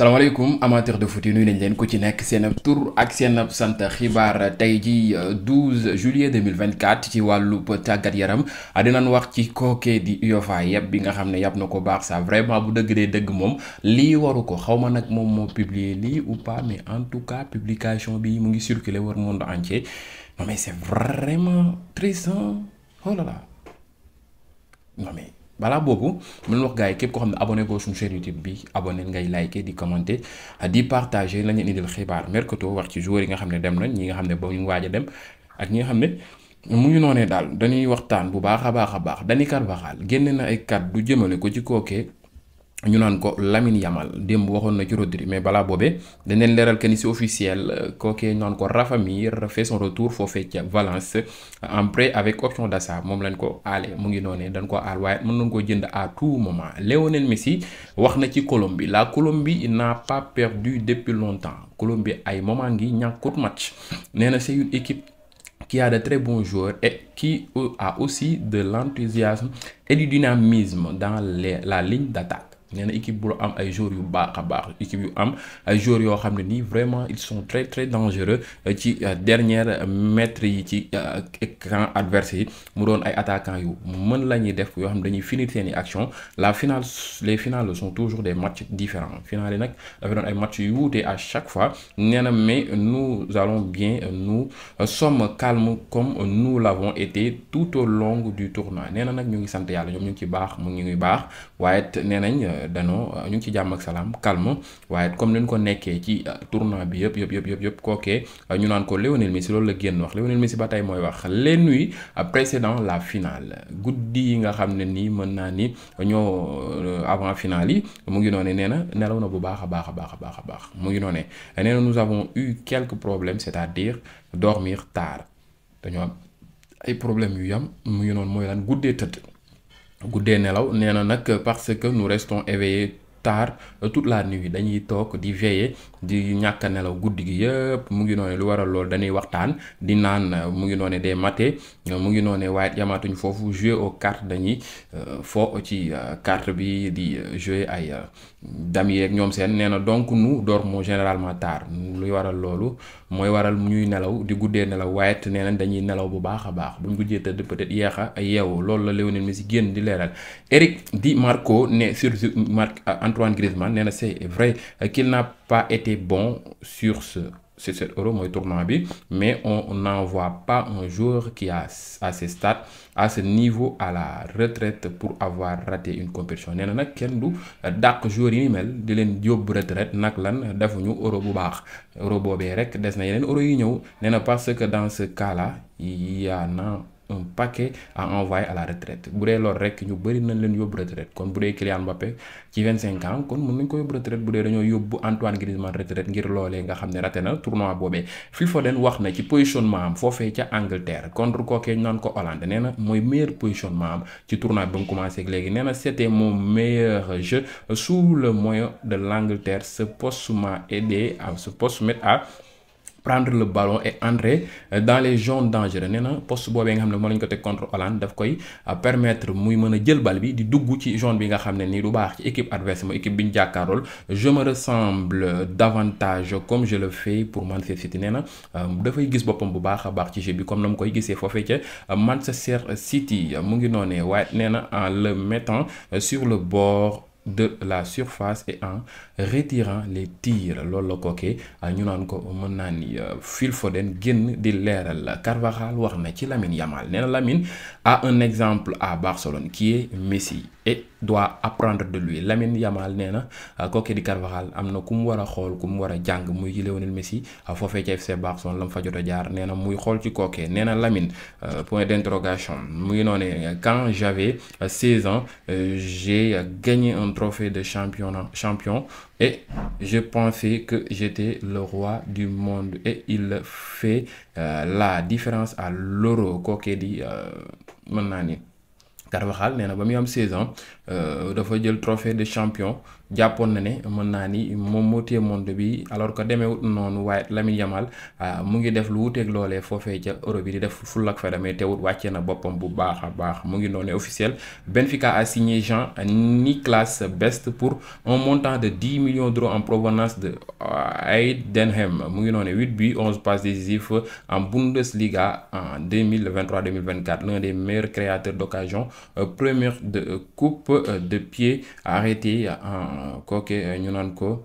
salaamaaleykum amateur de foot yi nuyu nañ leen ko ci nekk seen ab tur ak seen ab sant xibaar tey ji 12 euh, juillet 2024 ci wàllub tàggat yaram ah, nu wax ci kookee di UEFA yëpp bi nga xam ne yàpp na ko baax sa vraiment bu dëgg dee dëgg moom lii waru ko xaw ma nag moom moo publier lii ou pas mais en tout cas publication bi mu ngi circuler war monde entier non mais c'est vraiment triste oh là là non balaa boobu mun wax gars yi képp ko xam ne abonné ko suñu chaîne YouTube bi abonné ngay liker di commenter di partager la ñu indil xibaar mercato wax ci joueurs yi nga xam ne dem nañ ñi nga xam ne ba ñu waaj dem ak ñi nga xam ne mu ngi noonee daal dañuy waxtaan bu baax a baax a baax Dani Carvajal génne na ay du jëmale ko ci kookee ñu naan ko Lamine Yamal démb waxoon na ci Rodri mais balaa boobee daneen leeral que ni si officiel kookee ñu naan ko Rafa Mir fait son retour foofee ca Valence en prêt avec option d'achat moom lañ ko aale mu ngi noonee dañ ko aal waaye mën na koo jënd à tout moment Lionel Messi wax na ci Colombie la Colombie n'a pas perdu depuis longtemps Colombie ay moment ngi ñàkkut match nee na c'est équipe qui a de très bon joueurs et qui a aussi de l'enthousiasme et du dynamisme dans les la ligne d'attaque nee na équipe bu am ay joueurs yu baax a baax équipe yu am ay joueurs yoo xam ne nii vraiment ils sont très très dangereux euh, ci euh, dernière mètre yi ci euh, camp adverse yi mu doon ay attaquants yu mën la ñuy def yoo xam ne dañuy finir seen action la finale les finales sont toujours des matchs différents finale yi nag dafa doon ay matchs yu wuute à chaque fois nee na mais nous allons bien nous sommes calmes comme nous l'avons été tout au long du tournoi nee na nag ñu ngi sant yàlla ñoom ñu ngi ci baax mu ngi baax waaye nee danoo ñu ngi ci jàmm ak salaam calme waaye comme ni ñu ko nekkee ci euh, tournoi bi yëpp yëpp yëpp yëpp kookee euh, ñu naan ko Lionel Messi loolu la génn wax Lionel Messi ba tey mooy wax les nuits euh, précédant la finale guddi yi nga xam ne nii mën naa ni ñoo avant finale yi mu ngi noone nee na nelaw na bu baax a baax a baax a baax a baax mu ngi noone nee na nous avons eu quelques problèmes c'est-à-dire dormir taar dañoo am ay problèmes yu yam mu ngi noonu mooy lan guddee tëdd. guddee nelaw nee na nag parce que nu reston éveillés tard toute la yi dañuy toog di veiller di ñàkk nelaw guddi gi yëpp mu ngi noone lu waral loolu dañuy waxtaan di naan mu ngi noone des maté mu ngi noone waaye yamaatuñ foofu jouer aux cartes dañuy euh, fo ci euh, carte bi di euh, jouer ay dam ak ñoom seen nee na donc door moo généralement tard luy waral loolu mooy waral ñuy nelaw di guddee nelaw waaye te nee na dañuy nelaw bu baax a baax buñ guddee tëdd peut-être yeex a yeewu loolu la Lionel Messi génn di leeral Eric Antoine Griezmann nee na c' est vrai qu'il n'a pas été bon sur ce cet euro mooy tournoi bi mais on n'en voit pas un joueur qui a à ce stade à ce niveau à la retraite pour avoir raté une compétition nee na nag kenn du dàq joueur yi ni mel di leen yóbbu retraite nag lan defuñu euro bu baax euro boobee rek des na yeneen euro yi ñëw nee parce que dans ce cas là y en un paquet à envoyer à la retraite bu dee lool rek ñu bëri nañ leen yóbbu retraite kon bu dee Kylian Mbappé ci 25 ans kon mun nañ ko yóbbu retraite bu dee dañoo yóbbu Antoine Griezmann retraite ngir loolee nga xam ne raté na tournoi boobee Phil Foden wax na ci positionnement am foofee ca Angleterre contre kookee ñu naan ko Hollande nee na mooy meilleur positionnement am ci tournoi bi mu léegi nee na c'était mon meilleur jeu sous le moyen de l'Angleterre ce poste m'a aidé à ce poste m'aide à prendre le ballon et entrer euh, dans les zones dangereuses nee na poste boobee nga xam ne moo lañ ko teg contre Hollande daf koy euh, permettre muy mën a jël bal bi di dugg ci zone bi nga xam ne nii lu baax ci équipe adverse mo équipe bi ñu jàkkaarool je me ressemble davantage comme je le fais pour Manchester City nee na euh, dafay gis boppam bu baax a baax ci jeu bi comme na mu koy gisee foofee ca Manchester City mu ngi noonee waaye nee na en le mettant sur le bord de la surface et en retirant les tirs loolu la kookee ñu naan ko mën naa ni euh, Phil Foden génn di leeral Carvajal wax na ci Lamine Yamal nee na Lamine a un exemple à Barcelone qui est Messi et doit apprendre de lui lamin Yamal nee na ah, kooku di Carvajal am na ku mu war a xool ku mu war a jàng muy ci Lionel Messi ah, foofee ca FC Barcelone la mu fa jot a jaar nee na muy xool ci kookee nee na Lamine ah, point d'interrogation mu ngi noonee quand j'avais 16 ans euh, j'ai gagné un trophée de championnat champion et je pense que j'étais le roi du monde et il fait euh, la différence à l'euro kookee di euh, mën naa ni Carvajal nee na ba muy am saison ans euh, dafa jël trophée de champion jàppoon na ne mën naa ni moom moo téye monde bi alors que demeewut noonu waaye Lamine Yamal euh, mu ngi def lu wuuteeg loolee foofee ca Europe bi di def ful ak fa demee teewut wàccee na boppam bu baax a baax mu ngi noonu officiel Benfica a signé Jean-Nicolas Best pour un montant de 10 millions de en provenance de euh, Heidenheim mu ngi noonu 8 buts 11 passes décisives en Bundesliga en 2023-2024 l'un des Euh, première de euh, coupe euh, de pied arrêté en kooke ñu naan ko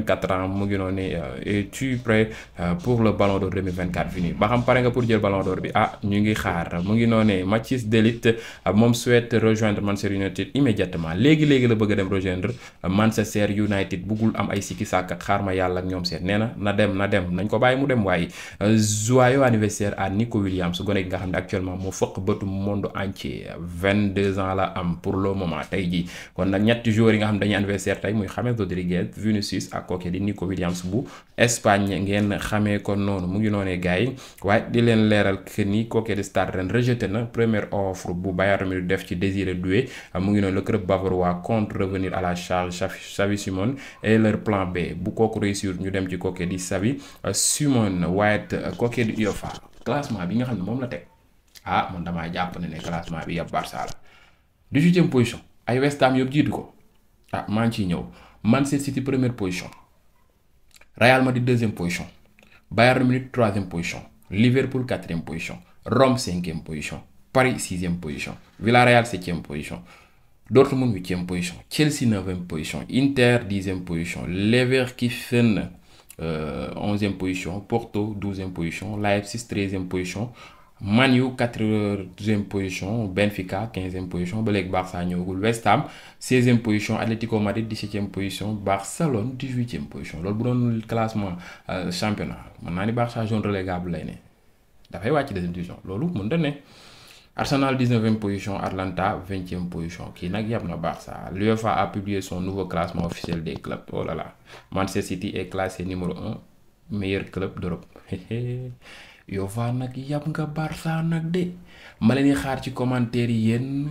24 ans mu ngi noonu et euh, tu prêt euh, pour le ballon d'or 2024 fini ba xam pare nga pour jël ballon d'or bi ah ñu ngi xaar mu ngi noonu Mathis De euh, moom souhaite rejoindre Manchester United immédiatement léegi léegi la bëgg a dem rejoindre Manchester United buggul am ay sikki sàkk xaar ma yàlla ak ñoom seen nee na na dem na dem nañ ko bàyyi mu dem waaye joyeux anniversaire à Nico Williams gone gi nga xam ne actuellement moo fëq bëtu monde entier 22 yi nga xam kooke di Nico Williams bu Espagne ngeen xamee ko noonu mu ngi noonee gars yi waaye di leen leeral que ni kooke di Stade Rennes rejeté na première offre bu Bayern Munich def ci Désiré Doué mu ngi noonu le club bavarois compte revenir à la charge Xavi Simon et leur plan B bu kooku réussir ñu dem ci kooke di Xavi Simon waaye kooke di UEFA classement bi nga xam ne moom la teg ah man damaa jàpp ne ne classement bi yab Barça la dix-huitième position ay West Ham yëpp ah, maa ngi ciy ñëw Manchester City première position Real Madrid deuxième position Bayern Munich troisième position Liverpool quatrième position Rome cinquième position Paris sixième position Villarreal septième position Dortmund huitième position Chelsea neuvième position Inter dixième position Leverkusen euh, onzième position Porto douzième position Leipzig treizième position Man U quatrième position Benfica quinzième position ba léegi Barça ñëwagul West Ham seizième position Atlético Madrid dix-septième position Barcelone dix-huitième position loolu bu doon classement euh, championnat mën naa ni Barça zone relégable lay ne dafay wàcc deuxième division loolu mën na ne. Arsenal 19e position, Atlanta 20e position. Qui n'a pas Barça. L'UEFA a publié son nouveau classement officiel des clubs. Oh là là. Manchester City est classé numéro 1, meilleur club yow Yofa nag yàpp nga Barça nag de ma la di xaar ci commentaire yi yéen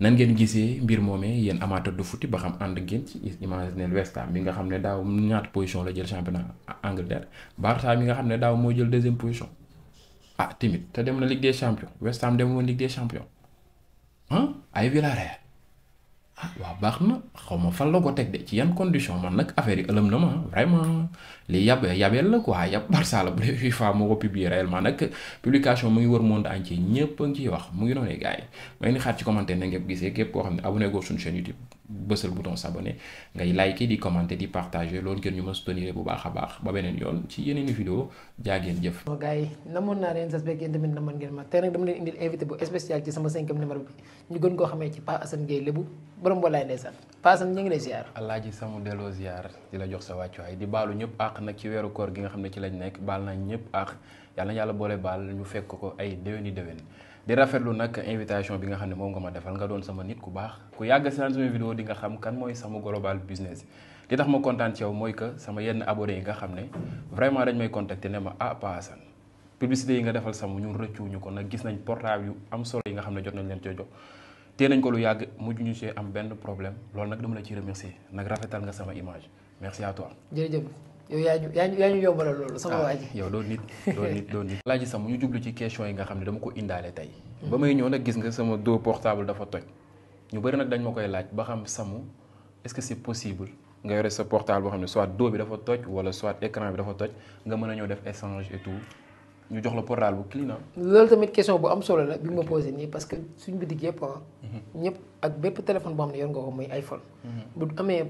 nan ngeen gisee mbir moomee yéen amateur de foot ba xam ànd ngeen ci imaginer West Ham bi nga xam ne daaw ñaat position la jël championnat Angleterre Barça mi nga xam ne daaw moo jël deuxième position ah timit te dem na Ligue des champions West Ham dem woon Ligue des champions ah ay Villarreal ah waaw baax na xaw ma fan la ko teg de ci yan condition ma nag affaire yi ëlëm na ma vraiment lii yab yabeel la quoi yab Barça la bu dee FIFA moo ko publier réellement nag publication mu ngi wër monde entier ñëpp a ngi ciy wax mu ngi noonu gars yi ma ngi xaar ci commentaire na ngeen gisee képp koo xam ne abonné goo suñu chaîne YouTube. bësal bouton s'abonner ngay liker di commenter di partager loolu ngeen ñu mën soutenir bu baax a baax ba beneen yoon ci yeneen i vidéo jaa ngeen jëf. bon gars yi namoon naa leen sas beeg yéen tamit namoon ngeen ma tey nag dama leen indil invité bu spécial ci sama cinquième numéro bi ñu gën koo xamee ci Pa Assane Gueye borom walaay ndeysaan Pa Assane ñu ngi lay ziar. alaaji sama delloo ziar di la jox sa wàccuwaay di baalu ñëpp àq nag ci weeru koor gi nga xam ne ci lañ nekk baal naa ñëpp àq yàlla na yàlla boole baal ñu fekk ko ay déwéni déwén di rafetlu nag invitation bi nga xam ne moom nga ma defal nga doon sama nit ku baax ku yàgg seetaan sama vidéo di nga xam kan mooy sama global business li tax ma kontaan ci yow mooy que sama yenn abonné yi nga xam ne vraiment dañ may contacter ne ma ah Pa Assane publicité yi nga defal sama ñun rëccuwuñu ko nag gis nañ portable yu am solo yi nga xam ne jot nañ leen cee jox te nañ ko lu yàgg mujj ñu see am benn problème loolu nag dama la ci remercier nag rafetal nga sama image merci yow yaa ñu yaa ñu yaa ñu yombalal loolu sama ah, waa ji yow doo nit doo nit doo nit laaji ñu jublu ci question yi nga xam ne dama ko indaale tey ba may ñëw nag gis nga sama dos portable dafa toj ñu bëri nag dañ ma koy laaj ba xam samu est-ce que c'est possible nga yore sa portable boo xam ne soit dos bi dafa toj wala soit écran bi dafa toj nga mën a ñëw def échange et tout ñu jox la portable bu clean ah. loolu tamit question bu am solo la bi ma posé nii parce que suñ bitig yëpp ah. Mhm. ñëpp ak bépp téléphone boo xam ne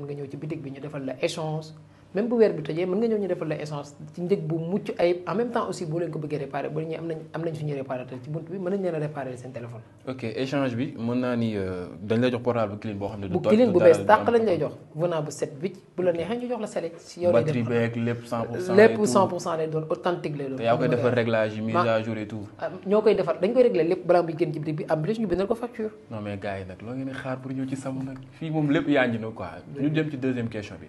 mhm. bi ñu même bu weer bi tojee mën nga ñëw ñu defal la essence ci njëg bu mucc ayib en même temps aussi boo leen ko bëggee réparé ba ñu am nañ suñu réparateur euh, ne. du bu clean bu bees tàq lañ lay jox venant la neexee si yow lay def batterie beeg lépp 100 pour cent yaa koy defar réglage yi mise à jour et tout. Ah, ñoo koy defar dañ koy réglé lépp balaa muy génn ci bi am bi ñu bindal ko nag loo ngeen fii moom lépp yaa ngi na quoi ñu dem ci deuxième question bi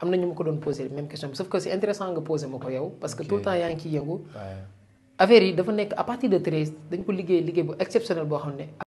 am na ñu ma ko doon posé même question bi sauf que c'est intéressant nga posé ma ko yow parce que tout le temps yaa ngi ciy yëngu affaire yi dafa nekk à partir de treize dañ ko liggéey liggéey bu exceptionnel boo xam ne